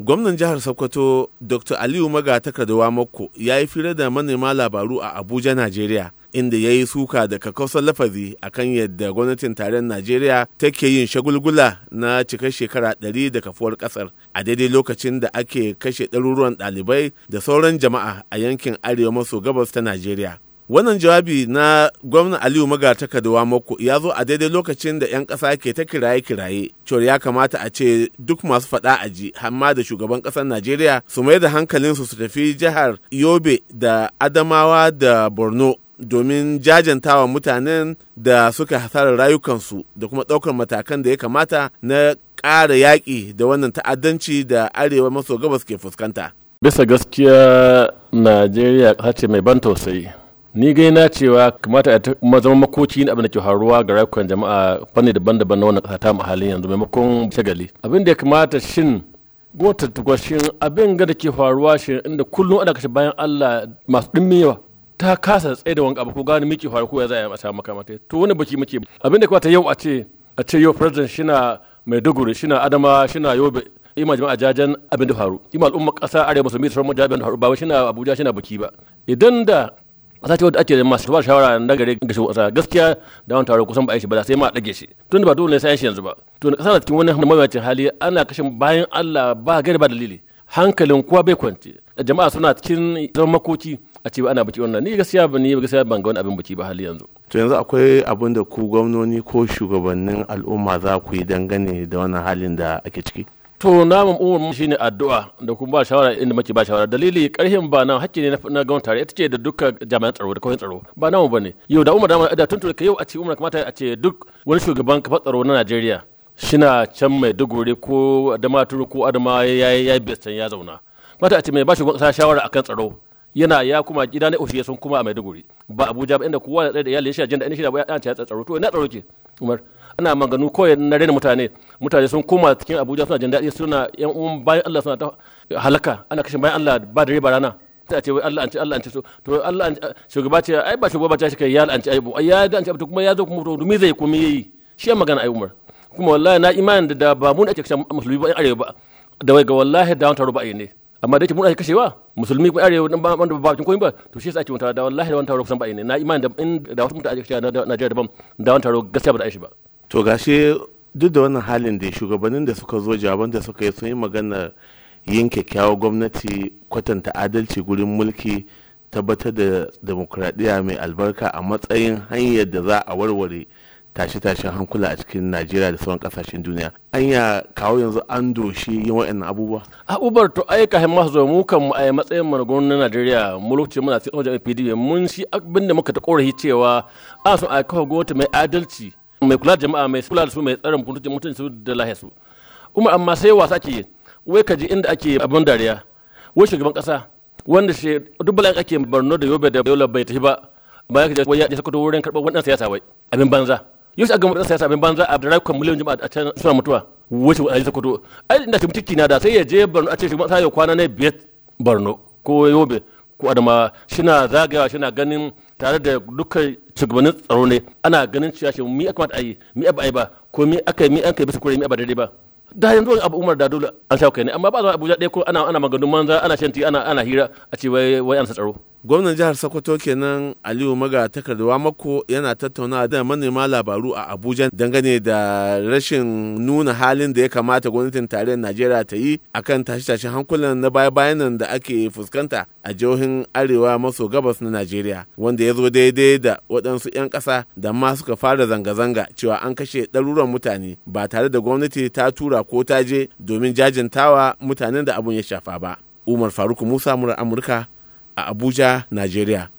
gwamnan jihar sokoto dr aliyu maga takardawa mako ya yi fira da manema labaru a abuja najeriya inda ya yi suka da kakausar lafazi a kan yadda gwamnatin tarayyar najeriya take yin shagulgula na cikar shekara ɗari da kafuwar ƙasar, a daidai lokacin da ake kashe ɗaruruwan ɗalibai da sauran jama'a a yankin arewa maso gabas ta najeriya wannan jawabi na gwamna aliyu kaduwa mako ya zo a daidai lokacin da 'yan ƙasa ke ta kiraye-kiraye cewar ya kamata a ce duk masu faɗa a ji hamma da shugaban ƙasar najeriya su mai da hankalinsu su tafi jihar yobe da adamawa da borno domin jajantawa mutanen da suka hasara rayukansu da kuma ɗaukar matakan da ya kamata na ƙara yaƙi da wannan ta'addanci da arewa maso gabas ke fuskanta bisa gaskiya najeriya ƙasa ce mai ban tausayi ni gai na cewa kamata a zama makoci abin da ke faruwa ga rayukan jama'a fanni daban-daban na wannan ƙasa ta halin yanzu maimakon shagali abin da ya kamata shin gwamnati ta shin abin ga da ke faruwa shi inda kullum ana kashe bayan Allah masu dimmin yawa ta kasa tsaye da wani abu ko gane miki faru ko ya za a samu makamata to wani baki muke abin da kamata yau a ce a ce yau president shina maiduguri shina adama shina yobe ima jama'a jajen abin da faru ima al'umma kasa arewa musulmi da sauran abin da faru ba wai shina abuja shina baki ba idan da a sace wadda ake masu ba shawara na gare ga shugaba gaskiya da wani taro kusan ba a shi ba sai ma a ɗage shi tun ba dole sai shi yanzu ba to na kasar cikin wani mamacin hali ana kashin bayan Allah ba gari ba dalili hankalin kuwa bai kwance jama'a suna cikin zaman makoki a ce ana biki wannan ni gaskiya ba ni gaskiya ban ga wani abin biki ba hali yanzu to yanzu akwai abin da ku gwamnoni ko shugabannin al'umma za ku yi dangane da wannan halin da ake ciki to namun umar shine addu'a da kuma ba shawara inda muke ba shawara dalili karhin ba nan hakki ne na gwamnati tare ita ce da dukkan jami'an tsaro da kawai tsaro ba namu bane yau da umar da da tuntun yau a ce umar kamata a ce duk wani shugaban kafa tsaro na Najeriya shina can mai dugure ko da maturu ko adama ya yi ya zauna kamata a ce mai ba shugaban kasa shawara akan tsaro yana ya kuma gida na ofishe sun kuma a Maiduguri ba Abuja ba inda kowa ya tsaye da iyali shi ajin da ɗan shi da ba ya tsaya tsaro to ina tsaro ke Umar ana maganganu kawai na rena mutane mutane sun koma cikin Abuja suna jin daɗi suna yan uwan bayan Allah suna ta halaka ana kashe bayan Allah ba dare ba rana ta ce wai Allah an ce Allah an ce to Allah an shugaba ce ai ba shugaba ce shi ya an ce ai ya da an ce kuma ya zo kuma to me zai kuma yayi shi ya magana ai Umar kuma wallahi na imani da ba mun ake kashe musulmi ba arewa ba da wai ga wallahi da wata taro ba ne amma da yake mun ake kashewa musulmi ko arewa dan ban da babacin koyi ba to shi yasa ake wanta da wallahi da wanta kusan ba ne na imani da in da wasu mutane ake kashewa na Najeriya daban da wanta gaskiya ba da aishi ba to gashi duk da wannan halin da shugabannin da suka zo jaban da suka yi sun yi magana yin kyakkyawar gwamnati kwatanta adalci gurin mulki tabbatar da demokradiyya mai albarka a matsayin hanyar da za a warware tashe-tashen hankula a cikin najeriya da sauran kasashen duniya anya kawo yanzu an doshi yin waɗannan abubuwa abubuwar to ai kahin masu zuwa mu kan a matsayin mu na gwamnatin najeriya mu lokacin muna cikin wajen pdp mun shi abin da muka ta korafi cewa a sun a kawo gwamnati mai adalci mai kula da jama'a mai kula da su mai tsarin mutunci mutunci su da lahiyar su kuma amma sai wasa ke wai ka ji inda ake abin dariya wai shugaban kasa wanda shi duk bala'in ake barno da yobe da yola bai tafi ba ya ka je ya sako wurin karɓar wannan siyasa wai abin banza yau a gamar siyasa abin banza a rayukan miliyan jama'a a can suna mutuwa wace a yi sakoto ai inda timtiki na da sai ya je barno a ce shi sa ya kwana na biyar barno ko yobe ko adama shina zagayawa shina ganin tare da dukkan shugabannin tsaro ne ana ganin cewa shi mi aka mata ayi mi aba ayi ba ko mi aka mi an kai bisa kure mi aba daidai ba da yanzu abu umar da dole an sha kai ne amma ba zama abuja ɗaya ko ana ana maganganun manza ana shanti ana ana hira a ce wai wai an sa tsaro gwamnan jihar sokoto kenan aliyu maga takardawa mako yana tattaunawa da manema labaru a abuja dangane da rashin nuna halin da ya kamata gwamnatin tarayyar najeriya ta yi akan tashe-tashen hankulan na baya-bayan nan da ake fuskanta a jihohin arewa maso gabas na najeriya wanda ya zo daidai da waɗansu 'yan ƙasa da ma suka fara zanga-zanga cewa an kashe ɗaruran mutane ba tare da gwamnati ta tura ko ta je domin jajintawa mutanen da abun ya shafa ba umar faruk musa Mura amurka a abuja nigeria